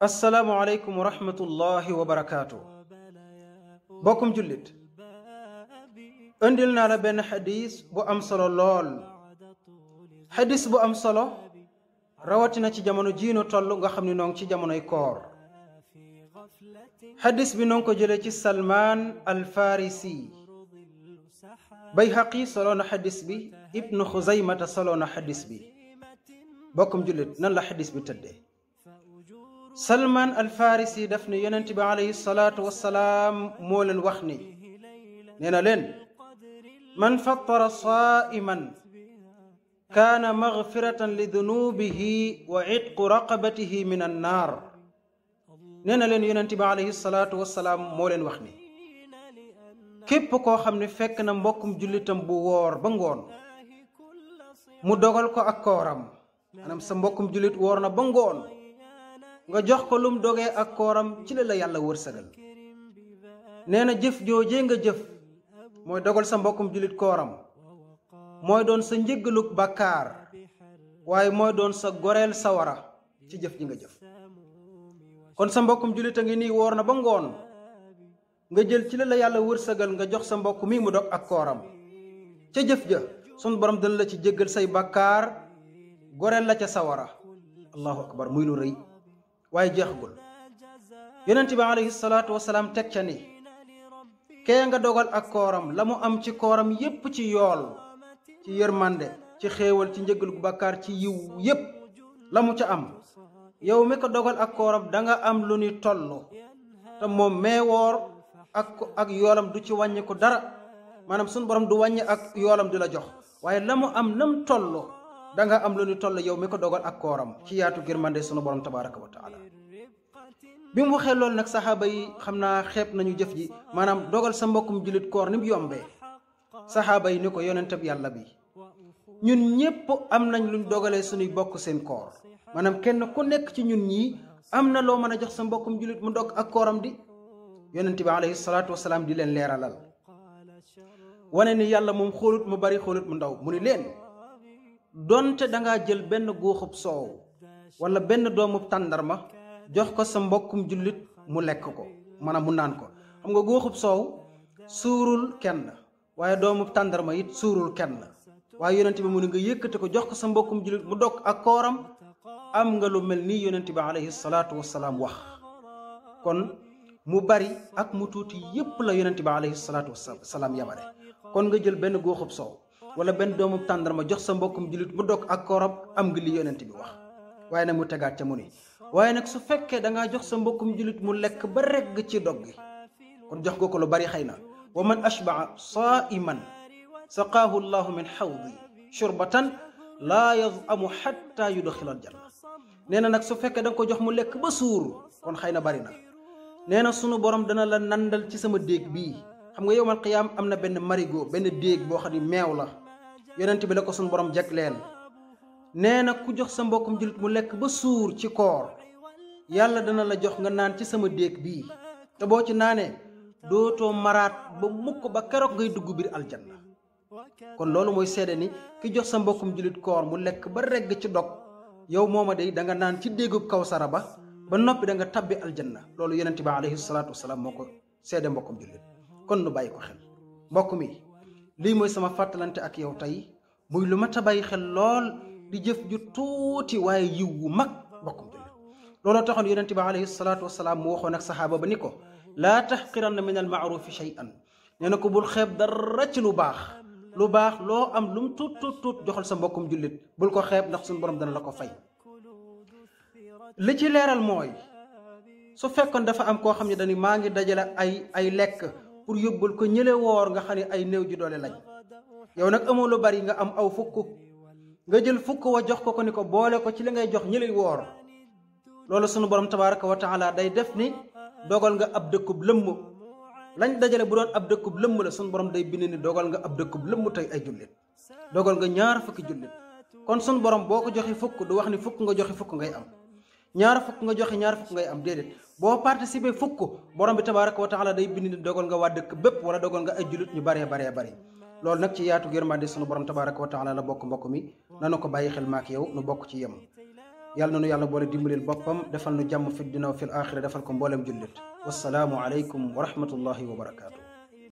assalaamu aleykum wa rahmatullahi wa barakaatu bokkum jullit indil naa la benn xadis bu am solo lool xadis bu am solo rawatina ci jamono jiinu toll nga xam ni noo ngi ci jamonoy koor xadis bi noo ngi ko jële ci salmaan alfarisi bayhaqi soloo na xadis bi ibnu xuzaymata soloo na xadis bi bokkum jullit nan la xadis bi tëddee salman alfarisi daf ne yonent bi alayhi salaatu wassalaam moo leen wax ni nee na leen man fattara saaiman kaana magfiratan li dunubihi wa itqu raqabatihi min annaar nee na leen yonent bi alayhi salaatu wassalaam moo leen wax ni koo xam ne fekk na mbokkum jullitam bu woor ba ngoon mu dogal ko ak kooram maanaam sa mbokkum jullit woor na ba ngoon nga jox ko lum dogee ak kooram ci la la yàlla wërsëgal nee na jëf joojee nga jëf mooy dogal sa mbokkum jullit kooram mooy doon sa njëggaluk bàkkaar waaye mooy doon sa goreel sawara ci jëf ji nga jëf kon sa mbokkum jullit a ngi nii woor na ba ngoon nga jël ci la la yàlla wërsëgal nga jox sa mbokk mii mu dog ak kooram ca jëf ja sun borom dana la ci jéggal say bàkkaar goreel la ca sawara allahu akbar muy lu rëy waaye jeexagul yonent bi alayhi salaatu wasalaam teg ca ni kee nga dogal ak kooram la mu am ci kooram yépp ci yool ci yërmande ci xéewal ci njëgal gu bàkkaar ci yiw yépp la mu ca am yow mi ko dogal ak kooram danga am lu ni toll te moom mee woor ak ak yoolam du ci wàññi dara maanaam suñu borom du wàññi ak yoolam di la jox waaye la mu am nam toll danga am lu ñu toll yow mi ko dogal ak kooram ci yaatu girmande sunu borom tabaraka wa taala bi mu waxee loolu nag saxaaba yi xam naa xeeb nañu jëf ji maanaam dogal sa mbokkum jullit koor ni mu yombee saxaaba yi ni ko yonentab yàlla bi ñun ñépp am nañ lu ñu dogalee suñuy bokk seen koor maanaam kenn ku nekk ci ñun ñii am na loo mën a jox sa mbokkum jullit mu dog ak kooram di yonent bi alayhi salaatu wasalaam di leen leeralal wane ni yàlla moom xoolut mu bari xoolut mu ndaw mu ni leen donte dangaa jël benn góoxub soow wala benn doomub tàndarma jox ko sa mbokkum jullit mu lekk ko maanaam mu naan ko xam nga góoxub soow suurul kenn waaye doomub tàndarma it suurul kenn waaye yonent bi mu ne nga yëkkati ko jox ko sa mbokkum jullit mu dog ak kooram am nga lu mel nii yonent bi alayhi salaatu wasalaam wax kon mu bari ak mu tuuti yépp la yonent bi alayhi salaatu wasalaam yabare kon nga jël benn góoxub soow wala benn doomu tàndarma jox sa mbokkum jullit mu dog ak kooram am ngi li yonent bi wax waaye nag mu tegaat ca mu ni waaye nag su fekkee da ngaa jox sa mbokkum jullit mu lekk ba regg ci dog gi kon jox nga ko lu bari xëy na wa man ashbaa saaiman saqaahu llahu min xawdi shurbatan laa yadamu xatta yudxila aljanna nee na nag su fekkee da ko jox mu lekk ba suur kon xay na bari na nee na sunu borom dana la nandal ci sama déeg bii xam nga yowmal qiyaam am na benn marigot benn déeg boo xam ne meew la yonent bi la ko suñ borom leen nee na ku jox sa mbokkum jullit mu lekk ba suur ci koor yàlla dana la jox nga naan ci sama déeg bii te boo ci naanee dootoo maraat ba mukk ba keroog ngay dugg biir aljanna kon loolu mooy seede ni ki jox sa mbokkum jullit koor mu lekk ba regg ci dog yow mooma day da nga naan ci déegub kawsara ba ba noppi da nga tabbi aljanna loolu yonent bi alayhi salaatu wasalaam moo ko seede mbokkum jullit kon nu bàyyi ko xel mbokk mi lii mooy sama fàttalante ak yow tey muy lu mat a bàyyi xel lool di jëf ju tuuti waaye yiw wu mag mbokkum jullit looloo taxoon yonente bi alayhi salaatu wasalaam mu waxoon ak saxaaba ba ni ko laa taxqiranna min al maarufi shay'an nee na ko bul xeeb dara ci lu baax lu baax loo am lu mu tuut sa mbokkum jullit bul ko xeeb ndax suñu boroom dana la ko fay li ci leeral mooy su fekkoon dafa am koo xam ne dañu maa ngi dajale ay ay lekk pour yóbbul ko ñële woor nga xam ne ay néew ju doole lañ yow nag amoo lu bari nga am aw fukk nga jël fukk wa jox ko ko ni ko boole ko ci li ngay jox ñële woor loolu sunu borom tabaaraka wa taala day def ni dogal nga ab dëkkub lëmm lañ dajale bu doon ab dëkkub lëmm la sunu borom day bind ni dogal nga ab dëkkub lëmm tey ay jullit dogal nga ñaar fukki jullit kon sunu borom boo ko joxe fukk du wax ni fukk nga joxe fukk ngay am ñaar fukk nga joxe ñaar fukk ngay am déedéet boo participer fukk borom bi tabaaraka wa taala day bind dogal nga waa dëkk bépp wala dogal nga ay jullit ñu baree baree bari loolu nag ci yaatu yërmande sunu borom tabaaraka wa taala la bokk mbokk mi nanu ko bàyyi xel maak yow nu bokk ci yem yàlla na nu yàlla boole dimbalil boppam defal nu jàmm fi dinaw fil axira defal ko mboolem jullit wasalaamu aleykum wa rahmatullahi wa barakaatu.